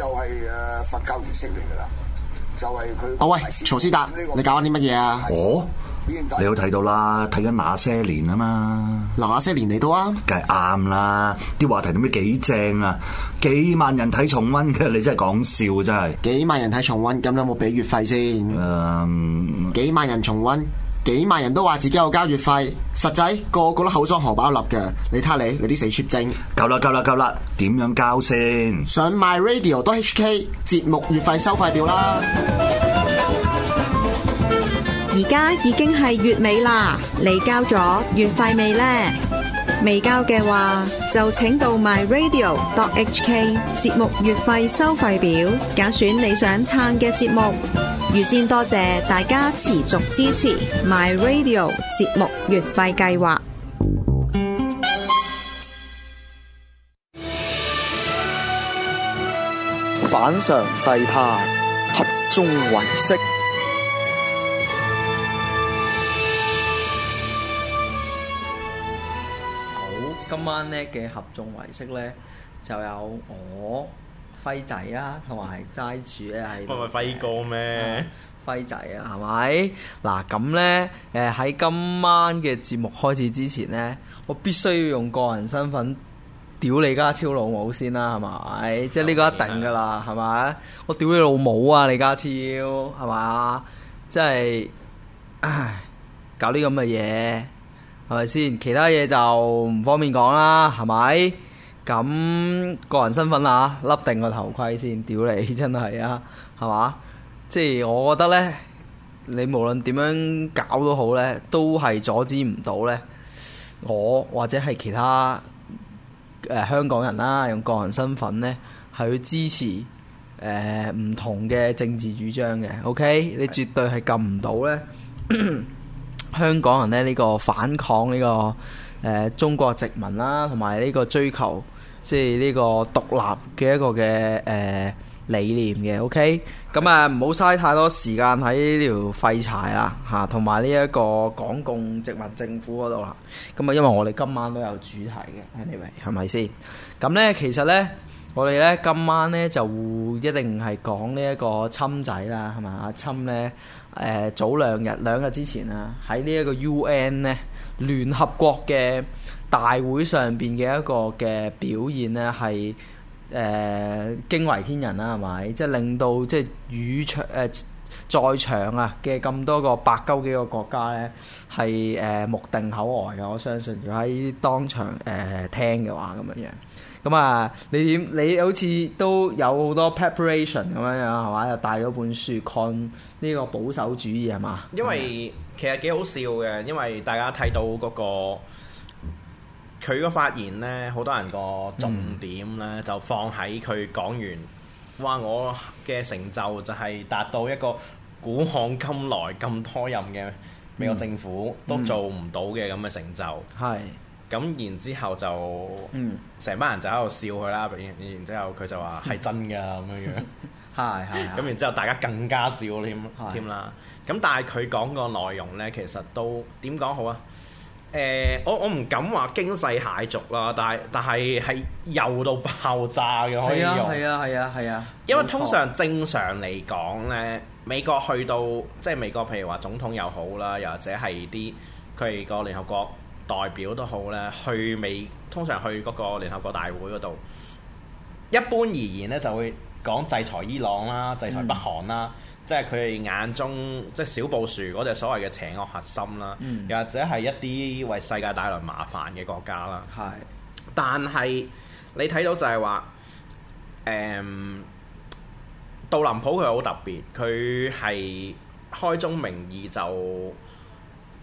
就係誒佛教儀式嚟噶啦，就係佢。阿喂，曹思達，你搞緊啲乜嘢啊？哦，你好睇到，到，到啦，睇緊那些年啊嘛？那些年嚟到啊？梗係啱啦，啲話題點解幾正啊？幾萬人睇重溫嘅，你真係講笑真係？幾萬人睇重溫，咁有冇俾月費先？誒，um, 幾萬人重溫。幾萬人都話自己有交月費，實際個個都口裝荷包粒嘅。你睇下你，你啲死 cheap 精！夠啦，夠啦，夠啦！點樣交先？上 myradio.hk 節目月費收費表啦。而家已經係月尾啦，你交咗月費未呢？未交嘅話，就請到 myradio.hk 節目月費收費表，揀選你想撐嘅節目。預先多謝大家持續支持 My Radio 節目月費計劃。反常世態，合眾唯識。好，今晚呢嘅合眾唯識呢，就有我。輝仔啊，同埋齋主咧喺，唔係輝哥咩、嗯？輝仔啊，係咪？嗱、啊、咁呢，誒喺今晚嘅節目開始之前呢，我必須要用個人身份屌李家超老母先啦、啊，係咪？即係呢個一定㗎啦，係咪？我屌你老母啊，李家超，係咪？即係唉，搞啲咁嘅嘢，係咪先？其他嘢就唔方便講啦，係咪？咁個人身份啊，笠定個頭盔先，屌你真係啊，係嘛？即係我覺得呢，你無論點樣搞都好呢，都係阻止唔到呢。我或者係其他、呃、香港人啦、啊，用個人身份呢，係去支持唔、呃、同嘅政治主張嘅。OK，< 是的 S 1> 你絕對係撳唔到呢 香港人呢，呢、呢個反抗呢、呢個、呃、中國殖民啦、啊，同埋呢個追求。即係呢個獨立嘅一個嘅誒、呃、理念嘅，OK，咁啊唔好嘥太多時間喺呢條廢柴啦，吓、啊，同埋呢一個港共殖民政府嗰度啦。咁啊，因為我哋今晚都有主題嘅喺、anyway, 呢位，係咪先？咁咧，其實咧，我哋咧今晚咧就一定係講呢一個侵仔啦，係、呃、嘛？侵咧誒早兩日兩日之前啦、啊，喺呢一個 UN 咧聯合國嘅。大會上邊嘅一個嘅表現呢，係誒、呃、驚為天人啦，係咪？即係令到即係與場誒在場啊嘅咁多個百鳩幾個國家呢，係誒、呃、目定口呆、呃、嘅。我相信如果喺當場誒、呃、聽嘅話，咁樣樣。咁啊，你點你好似都有多好多 preparation 咁樣樣，係嘛？又帶咗本書抗呢個保守主義，係嘛？因為其實幾好笑嘅，因為大家睇到嗰、那個。佢個發言呢，好多人個重點呢，就放喺佢講完，話、嗯、我嘅成就就係達到一個古往今來咁拖任嘅美國政府、嗯、都做唔到嘅咁嘅成就。係。咁然之後就，成班人就喺度笑佢啦。然之後佢就話係真㗎咁樣樣。係係。咁然之後大家更加笑添添啦。咁、嗯、但係佢講個內容呢，其實都點講好啊？誒、呃，我我唔敢話經濟蟹族啦，但係但係係油到爆炸嘅可啊係啊係啊係啊！因為通常正常嚟講呢美國去到即係美國，譬如話總統又好啦，又或者係啲佢個聯合國代表都好呢，去美通常去嗰個聯合國大會嗰度，一般而言呢，就會講制裁伊朗啦，制裁北韓啦。嗯即係佢哋眼中，即係小布殊嗰隻所謂嘅邪惡核心啦，又、嗯、或者係一啲為世界帶來麻煩嘅國家啦。係的、嗯，但係你睇到就係話，誒、嗯，杜林普佢好特別，佢係開宗明義就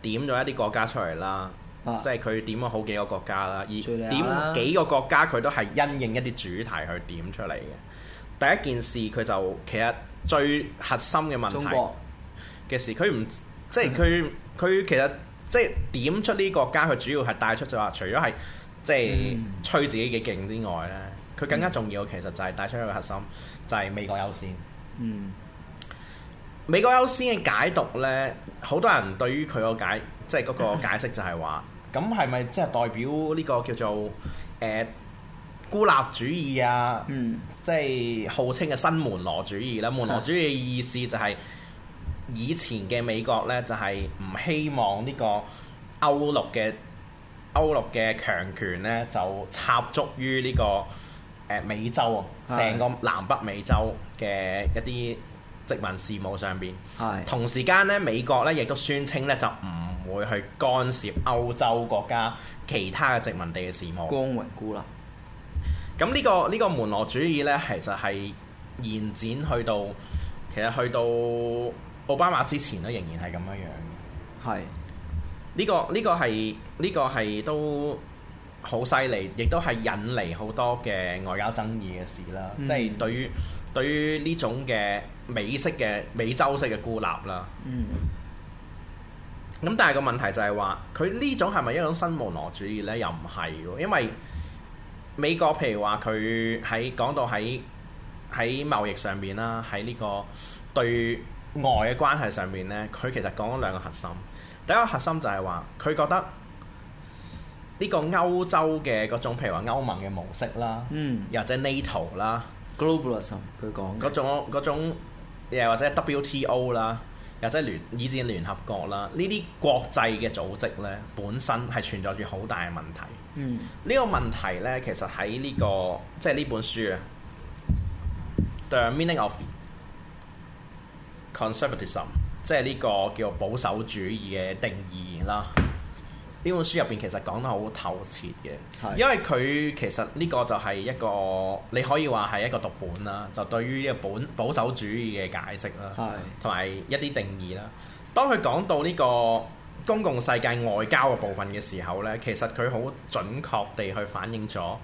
點咗一啲國家出嚟啦，即係佢點咗好幾個國家啦，而點幾個國家佢都係因應一啲主題去點出嚟嘅。第一件事佢就其實。最核心嘅問題嘅事國，佢唔即係佢佢其實即係點出呢國家，佢主要係帶出就話，除咗係即係、嗯、吹自己幾勁之外咧，佢更加重要其實就係帶出佢嘅核心，嗯、就係美，美國優先。嗯，美國優先嘅解讀咧，好多人對於佢個解即係嗰個解釋就係話，咁係咪即係代表呢個叫做？呃孤立主義啊，即係號稱嘅新門羅主義啦。門羅主義嘅意思就係以前嘅美國呢，就係唔希望呢個歐陸嘅歐陸嘅強權呢，就插足於呢個誒美洲啊，成是的 個南北美洲嘅一啲殖民事務上邊。係是的 同時間呢，美國呢亦都宣稱呢，就唔會去干涉歐洲國家其他嘅殖民地嘅事務。光榮孤立。咁呢、呢個呢個門羅主義呢，其實係延展去到，其實去到奧巴馬之前呢，仍然係咁樣樣嘅。呢是、呢個呢、呢個係呢、呢個係都好犀利，亦都係引嚟好多嘅外交爭議嘅事啦。即係、嗯、對於對於呢種嘅美式嘅美洲式嘅孤立啦。嗯。咁但係個問題就係話，佢呢種係咪一種新門羅主義呢？又唔係喎，因為。美國譬如話佢喺講到喺喺貿易上面啦，喺呢個對外嘅關係上面咧，佢其實講咗兩個核心。第一個核心就係話，佢覺得呢個歐洲嘅嗰種譬如話歐盟嘅模式啦，嗯，又或者 NATO 啦，globalism 佢講嗰種嗰種，又或者 WTO 啦，又或者聯以至聯合國啦，呢啲國際嘅組織咧，本身係存在住好大嘅問題。嗯，呢個問題呢，其實喺呢個即係呢本書啊，The Meaning of Conservatism，即係呢個叫保守主義嘅定義啦。呢本書入邊其實講得好透徹嘅，是的 因為佢其實呢個就係一個你可以話係一個讀本啦，就對於呢個保保守主義嘅解釋啦，同埋是的 一啲定義啦。當佢講到呢個。公共世界外交嘅部分嘅時候呢，其實佢好準確地去反映咗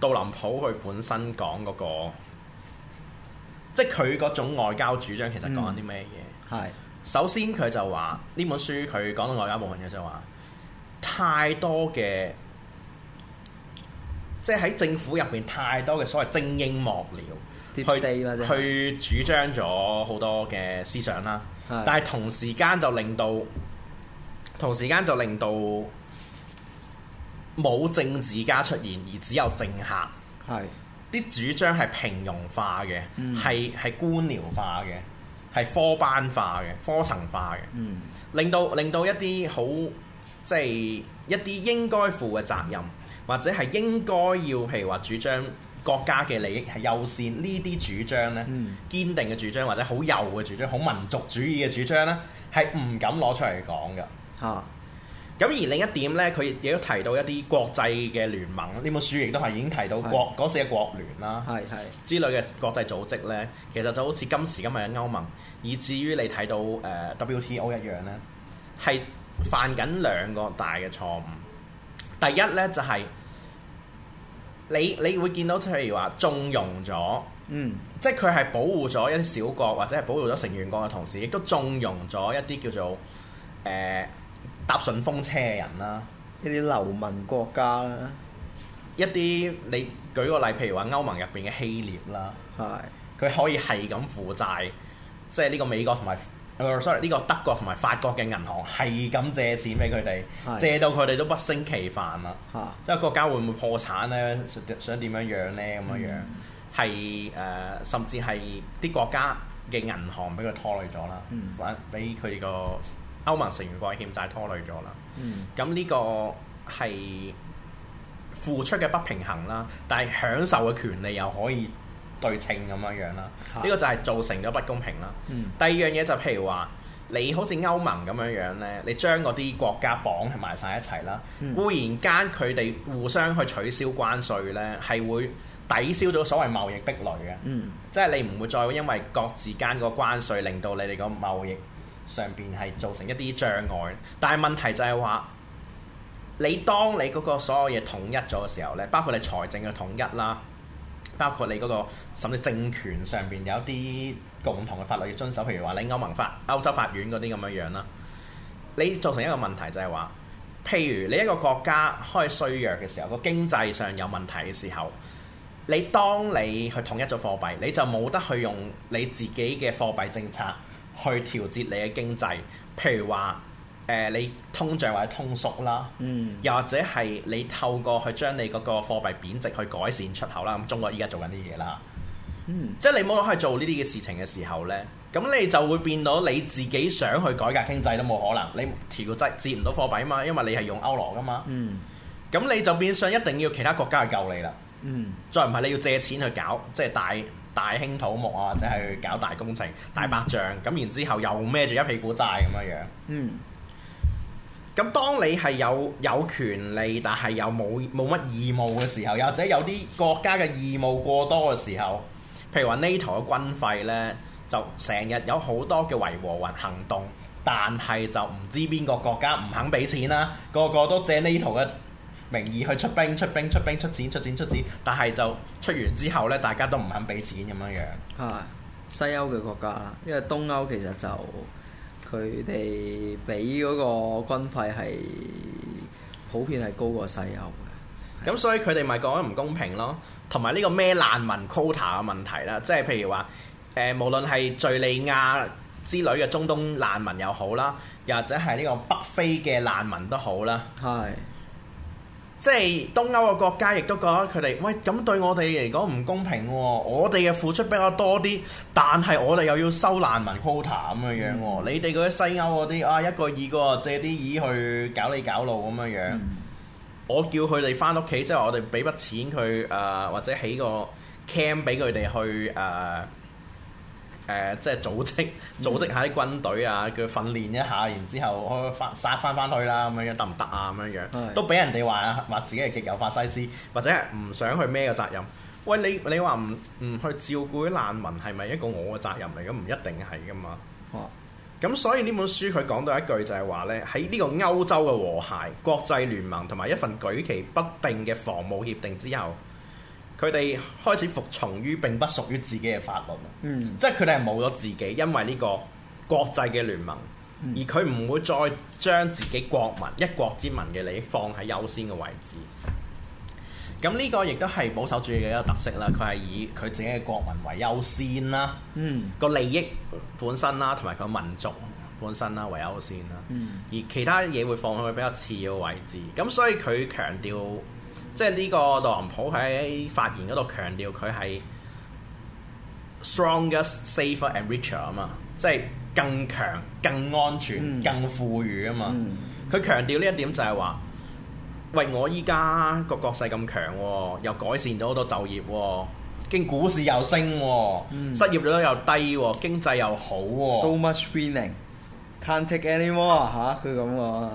杜林普佢本身講嗰、嗰個，即係佢嗰種外交主張，其實講緊啲咩嘢？係、嗯、首先佢就話呢本書，佢講到外交部分嘅就話太多嘅，即係喺政府入邊太多嘅所謂精英幕僚、嗯、去是去主張咗好多嘅思想啦，的但係同時間就令到。同時間就令到冇政治家出現，而只有政客。係啲是主張係平庸化嘅，係係、嗯、官僚化嘅，係科班化嘅，科層化嘅、嗯。令到令到一啲好即係一啲應該負嘅責任，或者係應該要譬如話主張國家嘅利益係優先呢啲主張呢，嗯、堅定嘅主張或者好幼嘅主張，好民族主義嘅主張呢，係唔敢攞出嚟講㗎。嚇！咁、啊、而另一點咧，佢亦都提到一啲國際嘅聯盟，呢本書亦都係已經提到國嗰是四嘅國聯啦，係係之類嘅國際組織咧，其實就好似今時今日嘅歐盟，以至於你睇到誒、呃、WTO 一樣咧，係犯緊兩個大嘅錯誤。第一咧就係、是、你你會見到，譬如話縱容咗，嗯，即係佢係保護咗一啲小國或者係保護咗成員國嘅同時，亦都縱容咗一啲叫做誒。呃呃呃搭順風車嘅人啦，一啲流民國家啦，一啲你舉個例，譬如話歐盟入邊嘅希臘啦，佢的可以係咁負債，即係呢個美國同埋，sorry 呢個德國同埋法國嘅銀行係咁借錢俾佢哋，的借到佢哋都不勝其煩啦，即係的國家會唔會破產咧？想點樣呢、嗯、樣咧？咁樣樣係誒，甚至係啲國家嘅銀行俾佢拖累咗啦，揾俾佢個。歐盟成員國欠債拖累咗啦，咁呢、嗯、個係付出嘅不平衡啦，但係享受嘅權利又可以對稱咁樣樣啦，呢個就係造成咗不公平啦。嗯、第二樣嘢就譬如話，你好似歐盟咁樣樣咧，你將嗰啲國家綁埋晒一齊啦，嗯、固然間佢哋互相去取消關稅咧，係會抵消咗所謂貿易壁壘嘅，嗯、即係你唔會再因為各自間個關稅令到你哋個貿易。上邊係造成一啲障礙，但係問題就係話，你當你嗰個所有嘢統一咗嘅時候咧，包括你財政嘅統一啦，包括你嗰個甚至政權上邊有啲共同嘅法律要遵守，譬如話你歐盟法、歐洲法院嗰啲咁樣樣啦，你造成一個問題就係話，譬如你一個國家開衰弱嘅時候，個經濟上有問題嘅時候，你當你去統一咗貨幣，你就冇得去用你自己嘅貨幣政策。去調節你嘅經濟，譬如話，誒、呃、你通脹或者通縮啦，嗯，又或者係你透過去將你嗰個貨幣貶值去改善出口啦。咁中國依家做緊啲嘢啦，嗯，即係你冇攞去做呢啲嘅事情嘅時候咧，咁你就會變到你自己想去改革經濟都冇可能。你調節，接唔到貨幣啊嘛，因為你係用歐羅噶嘛，嗯，咁你就變相一定要其他國家去救你啦，嗯，再唔係你要借錢去搞，即係大大興土木啊，或者係搞大工程、大白象咁，然之後又孭住一屁股債咁樣樣。嗯。咁當你係有有權利，但係又冇冇乜義務嘅時候，又或者有啲國家嘅義務過多嘅時候，譬如話 NATO 嘅軍費咧，就成日有好多嘅維和雲行動，但係就唔知邊個國家唔肯俾錢啦，個個都借 NATO 嘅名義去出兵出兵出兵，出兵，出錢出錢出錢，出錢，但係就出完之後呢，大家都唔肯俾錢咁樣樣。係西歐嘅國家，因為東歐其實就佢哋俾嗰個軍費係普遍係高過西歐嘅，咁係所以佢哋咪講得唔公平咯。同埋呢個咩難民 quota 嘅問題啦，即係譬如話誒，無論係敍利亞之類嘅中東難民又好啦，又或者係呢個北非嘅難民都好啦。係。即係東歐嘅國家，亦都覺得佢哋，喂，咁對我哋嚟講唔公平喎、哦，我哋嘅付出比較多啲，但係我哋又要收難民 quota 咁嘅樣、哦嗯、你哋嗰啲西歐嗰啲啊一個二個借啲意去搞你搞路咁嘅樣，嗯、我叫佢哋返屋企，即、就、係、是、我哋俾筆錢佢誒、呃，或者起個 cam 俾佢哋去誒。呃誒、呃，即係組織組織下啲軍隊啊，佢、嗯、訓練一下，然之後我發殺翻翻去啦，咁樣樣得唔得啊？咁樣樣是的 都俾人哋話話自己係極有法西斯，或者係唔想去咩嘅責任。喂，你你話唔唔去照顧啲難民係咪一個我嘅責任嚟嘅？唔一定係噶嘛。哇、啊！咁所以呢本書佢講到一句就係話呢喺呢個歐洲嘅和諧、國際聯盟同埋一份舉棋不定嘅防務協定之後。佢哋開始服從於並不屬於自己嘅法律，嗯、即係佢哋係冇咗自己，因為呢個國際嘅聯盟，嗯、而佢唔會再將自己國民一國之民嘅利益放喺優先嘅位置。咁呢個亦都係保守主義嘅一個特色啦，佢係以佢自己嘅國民為優先啦，個、嗯、利益本身啦，同埋佢民族本身啦為優先啦，嗯、而其他嘢會放喺佢比較次要嘅位置。咁所以佢強調。即係呢、這個特朗普喺發言嗰度強調佢係 stronger, safer and richer 啊嘛，即係更強、更安全、嗯、更富裕啊嘛。佢、嗯嗯、強調呢一點就係話：喂，我依家個國勢咁強、哦，又改善咗好多就業、哦，經股市又升、哦，嗯、失業率又低、哦，經濟又好、哦。So much winning can't take any more 吓？佢咁講。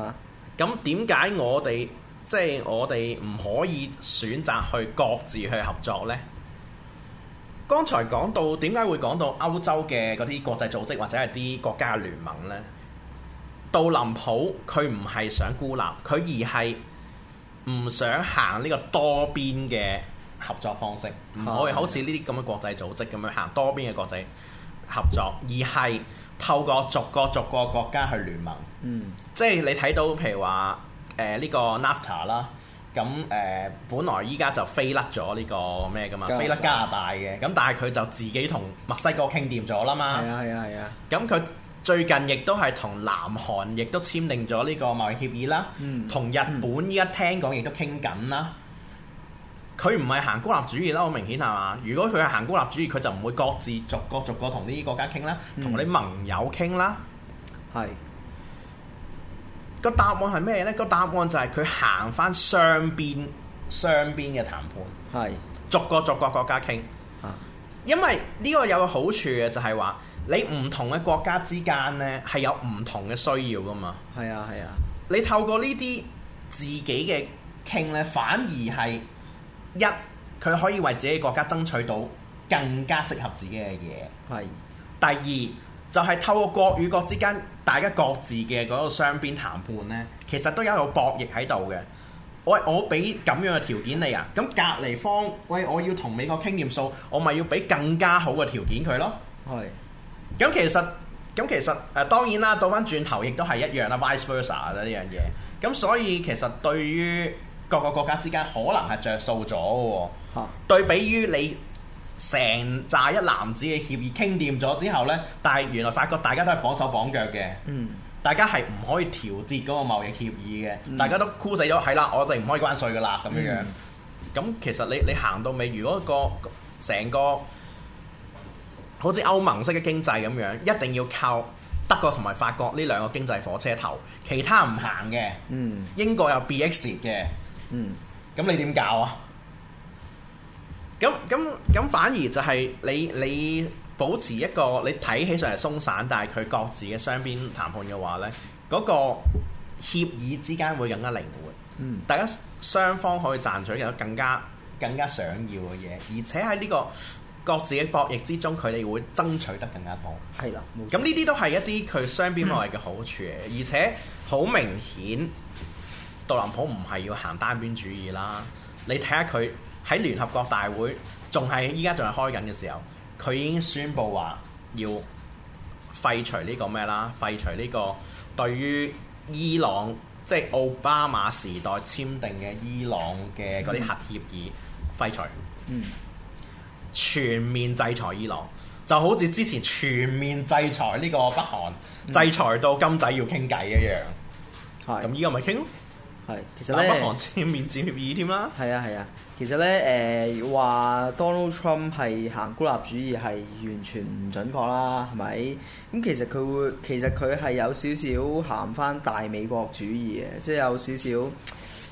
咁點解我哋？即係我哋唔可以選擇去各自去合作呢？剛才講到點解會講到歐洲嘅嗰啲國際組織或者係啲國家聯盟呢？杜林普佢唔係想孤立佢，而係唔想行呢個多邊嘅合作方式，唔可以好似呢啲咁嘅國際組織咁樣行多邊嘅國際合作，而係透過逐個逐個國家去聯盟。嗯，即係你睇到譬如話，誒呢個 NAFTA 啦，咁誒本來依家就飛甩咗呢個咩噶嘛，飛甩加拿大嘅，咁但係佢就自己同墨西哥傾掂咗啦嘛，係啊係啊係啊，咁佢最近亦都係同南韓亦都簽訂咗呢個貿易協議啦，同日本依家聽講亦都傾緊啦，佢唔係行孤立主義啦，好明顯係嘛？如果佢係行孤立主義，佢就唔會各自逐個逐個同呢啲國家傾啦，同啲盟友傾啦，係。個答案係咩呢？個答案就係佢行翻雙邊、雙邊嘅談判，係的逐個逐個國家傾。啊、因為呢個有個好處嘅就係話，你唔同嘅國家之間呢，係有唔同嘅需要㗎嘛。係啊，係啊。你透過呢啲自己嘅傾呢，反而係一佢可以為自己國家爭取到更加適合自己嘅嘢。係的。第二。就係透過國與國之間，大家各自嘅嗰個雙邊談判呢，其實都有一個博弈喺度嘅。喂，我俾咁樣嘅條件你啊，咁隔離方，喂，我要同美國傾掂數，我咪要俾更加好嘅條件佢咯。係是。咁其實，咁其實，誒、呃、當然啦，倒翻轉頭亦都係一樣啦，vice versa 啦呢樣嘢。咁所以其實對於各個國家之間，可能係着數咗喎。是對比於你。成扎一男子嘅協議傾掂咗之後呢，但係原來發覺大家都係綁手綁腳嘅，嗯、大家係唔可以調節嗰個貿易協議嘅，嗯、大家都箍死咗。係、嗯、啦，我哋唔可以關稅嘅啦，咁樣樣。咁、嗯、其實你你行到尾，如果個成個好似歐盟式嘅經濟咁樣，一定要靠德國同埋法國呢兩個經濟火車頭，其他唔行嘅。嗯、英國有 BX 嘅，咁、嗯、你點搞啊？咁咁咁，反而就係你你保持一個你睇起上嚟鬆散，但係佢各自嘅雙邊談判嘅話呢嗰、嗰個協議之間會更加靈活。嗯，大家雙方可以爭取到更加更加想要嘅嘢，而且喺呢個各自嘅博弈之中，佢哋會爭取得更加多。係啦，咁呢啲都係一啲佢雙邊外嘅好處嘅，嗯、而且好明顯，杜林普唔係要行單邊主義啦。你睇下佢。喺聯合國大會仲係依家仲係開緊嘅時候，佢已經宣布話要廢除呢個咩啦？廢除呢個對於伊朗即係、就是、奧巴馬時代簽訂嘅伊朗嘅嗰啲核協議，廢除。嗯。全面制裁伊朗就好似之前全面制裁呢個北韓，嗯、制裁到金仔要傾偈一樣。係是。咁依家咪傾咯。係，其實咧，北韓簽面子協議添啦。係啊係啊，啊，其實咧誒話 Donald Trump 係行孤立主義係完全唔準確啦，係咪？咁、嗯、其實佢會，其實佢係有少少行翻大美國主義嘅，即、就、係、是、有少少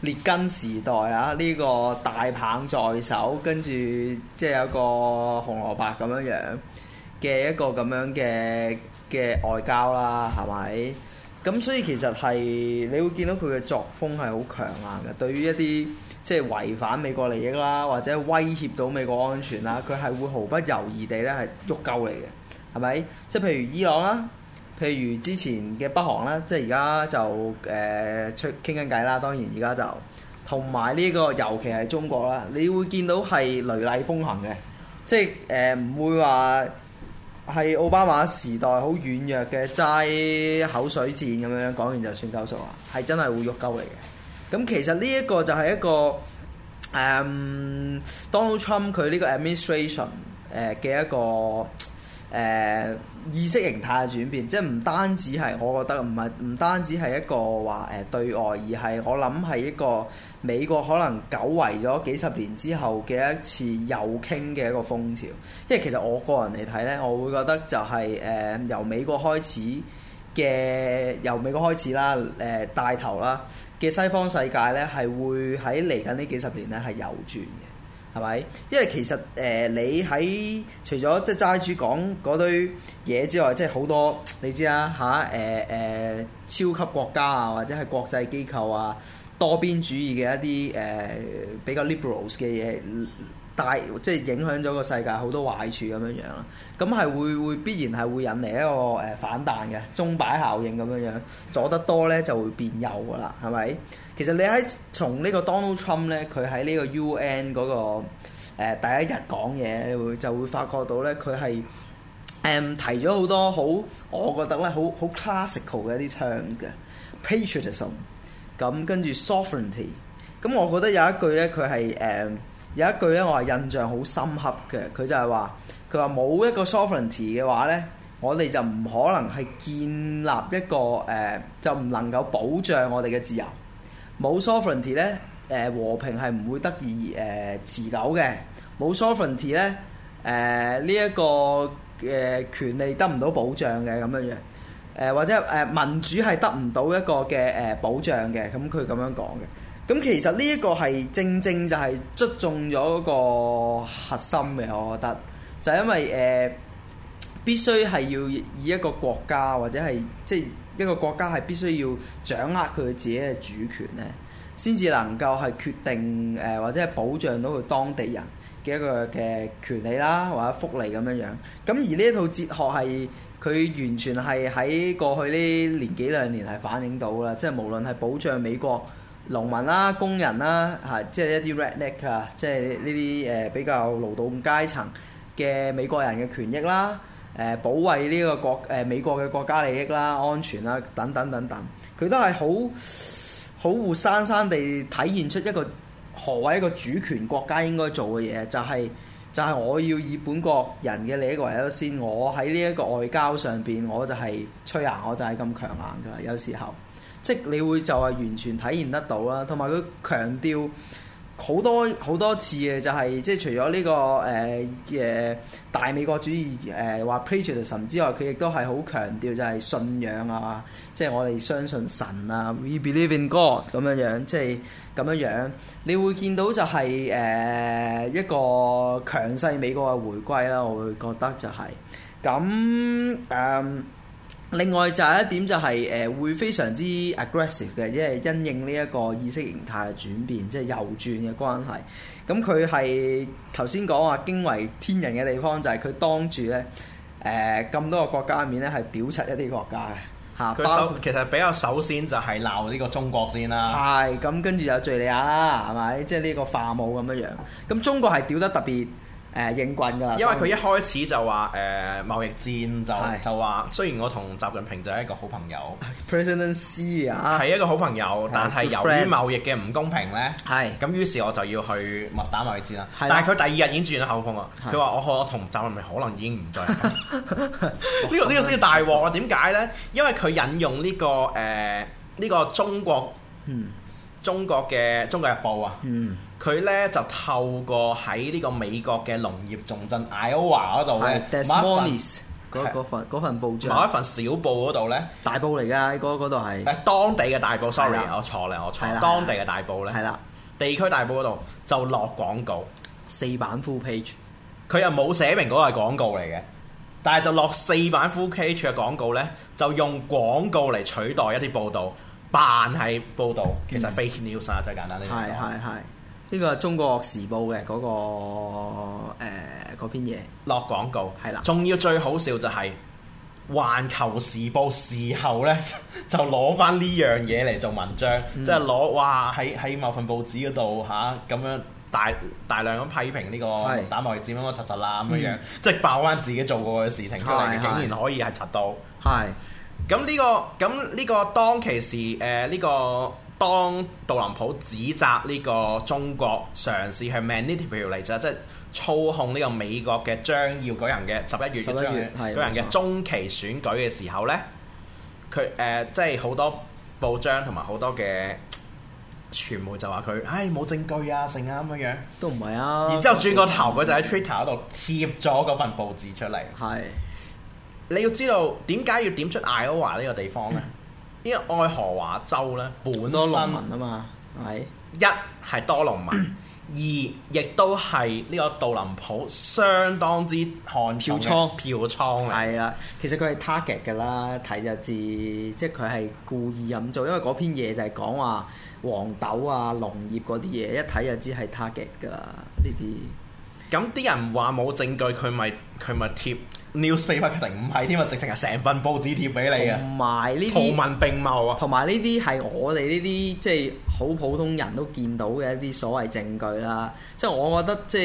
列根時代啊呢、這個大棒在手，跟住即係有個紅蘿蔔咁樣樣嘅一個咁樣嘅嘅外交啦，係咪？咁所以其實係你會見到佢嘅作風係好強硬嘅，對於一啲即係違反美國利益啦，或者威脅到美國安全啦，佢係會毫不猶豫地咧係喐鳩嚟嘅，係咪？即係譬如伊朗啦，譬如之前嘅北韓啦，即係而家就誒出傾緊偈啦。當然而家就同埋呢個，尤其係中國啦，你會見到係雷厲風行嘅，即係誒唔會話係奧巴馬時代好軟弱嘅，齋口水戰咁樣講完就算夠數啊！係真係會喐鳩嚟嘅。咁其實呢一個就係一個誒 Donald Trump 佢呢個 administration 嘅一個。嗯誒、呃、意識形態嘅轉變，即係唔單止係我覺得，唔係唔單止係一個話誒、呃、對外，而係我諗係一個美國可能久違咗幾十年之後嘅一次右傾嘅一個風潮。因為其實我個人嚟睇呢，我會覺得就係、是、誒、呃、由美國開始嘅，由美國開始啦，誒、呃、帶頭啦嘅西方世界呢，係會喺嚟緊呢幾十年呢係右轉。係咪？因為其實誒、呃，你喺除咗即係齋主講嗰堆嘢之外，即係好多你知啦，吓、啊，誒、呃、誒，超級國家啊，或者係國際機構啊，多邊主義嘅一啲誒、呃、比較 liberals 嘅嘢。即係影響咗個世界好多壞處咁樣樣啦，咁係會會必然係會引嚟一個誒反彈嘅鐘擺效應咁樣樣，左得多咧就會變右噶啦，係咪？其實你喺從呢個 Donald Trump 咧，佢喺呢個 UN 嗰個、呃、第一日講嘢，你會就會發覺到咧，佢係誒提咗好多好我覺得咧好好 classical 嘅一啲 terms 嘅 patriotism，咁跟住 sovereignty，咁我覺得有一句咧佢係誒。有一句咧，我係印象好深刻嘅，佢就係話：佢話冇一個 sovereignty 嘅話咧，我哋就唔可能係建立一個誒、呃，就唔能夠保障我哋嘅自由。冇 sovereignty 咧，誒和平係唔會得以誒、呃、持久嘅。冇 sovereignty 咧，誒呢一個誒、呃、權利得唔到保障嘅咁樣樣。誒、呃、或者誒、呃、民主係得唔到一個嘅誒、呃、保障嘅，咁佢咁樣講嘅。咁其實呢一個係正正就係捉中咗嗰個核心嘅，我覺得就係因為誒、呃、必須係要以一個國家或者係即係一個國家係必須要掌握佢自己嘅主權咧，先至能夠係決定誒、呃、或者係保障到佢當地人嘅一個嘅權利啦，或者福利咁樣樣。咁而呢一套哲學係佢完全係喺過去呢年幾兩年係反映到啦，即係無論係保障美國。農民啦、啊、工人啦、啊，嚇，即係一啲 redneck 啊，即係呢啲誒比較勞動階層嘅美國人嘅權益啦、啊，誒、呃，保衞呢個國誒、呃、美國嘅國家利益啦、啊、安全啦、啊，等等等等，佢都係好好活生生地體現出一個何謂一個主權國家應該做嘅嘢，就係、是、就係、是、我要以本國人嘅利益為優先，我喺呢一個外交上邊，我就係吹硬，我就係咁強硬㗎，有時候。即係你會就係完全體現得到啦，同埋佢強調好多好多次嘅就係、是，即係除咗呢、這個誒誒、呃呃、大美國主義誒話、呃、patriotism 之外，佢亦都係好強調就係信仰啊，即、就、係、是、我哋相信神啊，we believe in God 咁樣樣，即係咁樣樣，你會見到就係、是、誒、呃、一個強勢美國嘅回歸啦，我會覺得就係咁誒。另外就係一點就係、是、誒、呃、會非常之 aggressive 嘅，即係因應呢一個意識形態嘅轉變，即係右轉嘅關係。咁佢係頭先講話驚為天人嘅地方就係、是、佢當住咧誒咁多個國家面咧係屌柒一啲國家嘅嚇。佢首手括其實比較首先就係鬧呢個中國先啦。係咁，跟住就敍利亞啦係咪？即係呢個化武咁樣樣。咁中國係屌得特別。誒英軍㗎，因為佢一開始就話誒、呃、貿易戰就是的 就話，雖然我同習近平就係一個好朋友，President Xi 啊係一個好朋友，但係由於貿易嘅唔公平咧，係咁是的 於是我就要去物打貿易戰啦。是的 但係佢第二日已經轉咗口風啊，佢話是的 我同習近平可能已經唔再呢個呢個先叫大鑊啊！點解咧？因為佢引用呢、這個誒呢、呃這個中國嗯。 中國嘅《中國日報》啊、嗯，佢咧就透過喺呢個美國嘅農業重鎮 Iowa 嗰度咧，嗰嗰份嗰的份報章，某一份小報嗰度咧，大報嚟㗎，嗰度係，係、嗰個、當地嘅大報，sorry，的我錯咧，我錯，當地嘅大報咧，係啦，地區大報嗰度就落廣告，四版 full page，佢又冇寫明嗰個係廣告嚟嘅，但係就落四版 full page 嘅廣告咧，就用廣告嚟取代一啲報導。扮係報道，其實 fake news 啊，最簡單呢個係。係係係，呢個中國時報嘅嗰個篇嘢落廣告。係啦。仲要最好笑就係《環球時報》事後咧，就攞翻呢樣嘢嚟做文章，即係攞哇喺喺某份報紙嗰度嚇咁樣大大量咁批評呢個打貿易戰咁樣柒柒啦咁樣樣，即係爆翻自己做過嘅事情出嚟，竟然可以係柒到。係。咁呢、這個咁呢個當其時，誒、呃、呢、這個當杜林普指責呢個中國嘗試去 manipulate 就即係操控呢個美國嘅將要舉行嘅十一月嘅將舉行嘅中期選舉嘅時候呢，佢誒即係好多報章同埋好多嘅傳媒就話佢，唉、哎、冇證據啊成啱咁樣都唔係啊。然之後轉個頭，佢、啊、就喺 Twitter 度貼咗嗰份報紙出嚟，係、嗯。你要知道點解要點出愛荷華呢個地方呢？因為愛荷華州呢，本身多農民啊嘛，係一係多農民，嗯、二亦都係呢個杜林普相當之旱。票倉，票倉嚟。係啊，其實佢係 target 㗎啦，睇就知，即係佢係故意咁做，因為嗰篇嘢就係講話黃豆啊、農業嗰啲嘢，一睇就知係 target 㗎。呢啲咁啲人話冇證據，佢咪佢咪貼。newspaper 定唔係添啊？直情係成份報紙貼俾你啊！同埋呢啲圖文並茂啊！同埋呢啲係我哋呢啲即係好普通人都見到嘅一啲所謂證據啦。即係我覺得即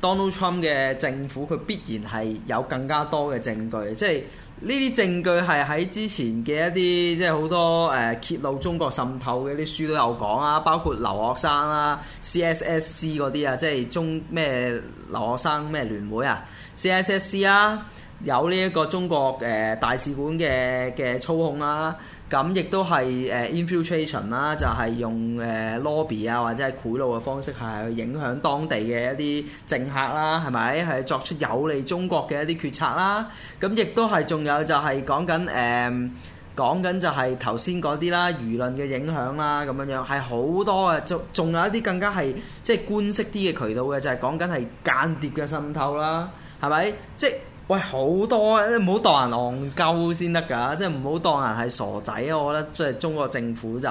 係 Donald Trump 嘅政府，佢必然係有更加多嘅證據。即係呢啲證據係喺之前嘅一啲即係好多誒揭露中國滲透嘅啲書都有講啊，包括留學生啦、CSSC 嗰啲啊，即係中咩留學生咩聯會啊、CSSC 啊。有呢一個中國誒大使館嘅嘅操控啦，咁亦都係誒 infiltration 啦，就係用誒 lobby 啊或者係賄賂嘅方式係去影響當地嘅一啲政客啦，係咪係作出有利中國嘅一啲決策啦？咁亦都係仲有就係講緊誒講緊就係頭先嗰啲啦，輿論嘅影響啦，咁樣樣係好多啊，仲仲有一啲更加係即係官式啲嘅渠道嘅，就係講緊係間諜嘅滲透啦，係咪即？喂，好多你唔好當人憨鳩先得㗎，即係唔好當人係傻仔啊！我覺得即係中國政府就，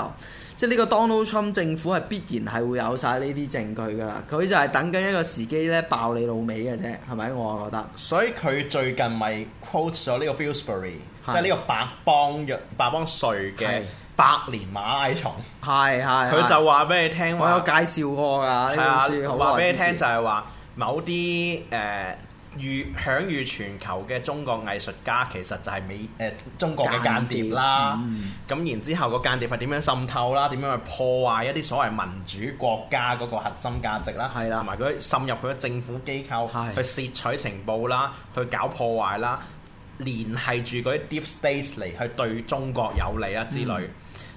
即係呢個 Donald Trump 政府係必然係會有晒呢啲證據㗎啦，佢就係等緊一個時機咧爆你老尾嘅啫，係咪？我覺得。所以佢最近咪 quote 咗呢個 f e e l s b u r y 即係呢個白邦弱白幫衰嘅百年馬拉松。係係。佢就話俾你聽，我有介紹過㗎。係話俾你聽就係話某啲誒。呃遇享譽全球嘅中國藝術家，其實就係美誒、呃、中國嘅間諜啦。咁、嗯、然之後個間諜係點樣滲透啦？點樣去破壞一啲所謂民主國家嗰個核心價值啦？係啦的，同埋佢滲入佢嘅政府機構去竊取情報啦，的去搞破壞啦，聯繫住嗰啲 deep state 嚟去對中國有利啊、嗯、之類。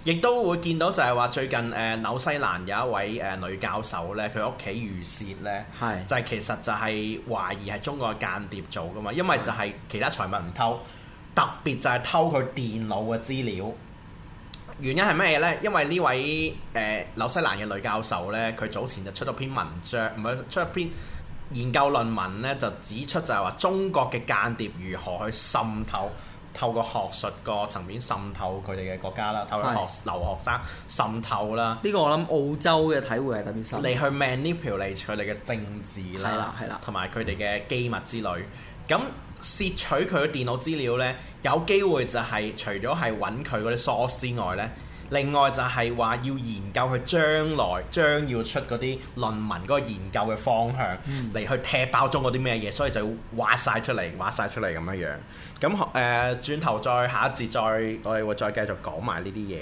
亦都會見到就係話最近誒呃、紐西蘭有一位誒、呃、女教授呢，佢屋企遇竊咧，的就係其實就係懷疑係中國間諜做噶嘛，因為就係其他財物唔偷，特別就係偷佢電腦嘅資料。原因係咩呢？因為呢位誒呃、紐西蘭嘅女教授呢，佢早前就出咗篇文章，唔係出一篇研究論文呢，就指出就係話中國嘅間諜如何去滲透。透過學術個層面滲透佢哋嘅國家啦，透過學是的 留學生滲透啦。呢個我諗澳洲嘅體會係特別深。嚟去 manipulate 佢哋嘅政治啦，係啦係啦，同埋佢哋嘅機密之類。咁竊取佢嘅電腦資料呢，有機會就係除咗係揾佢嗰啲 source 之外呢。另外就係話要研究佢將來將要出嗰啲論文嗰個研究嘅方向，嚟、嗯、去踢爆中嗰啲咩嘢，所以就要挖晒出嚟，挖晒出嚟咁樣樣。咁誒，轉、呃、頭再下一節，再我哋會再繼續講埋呢啲嘢。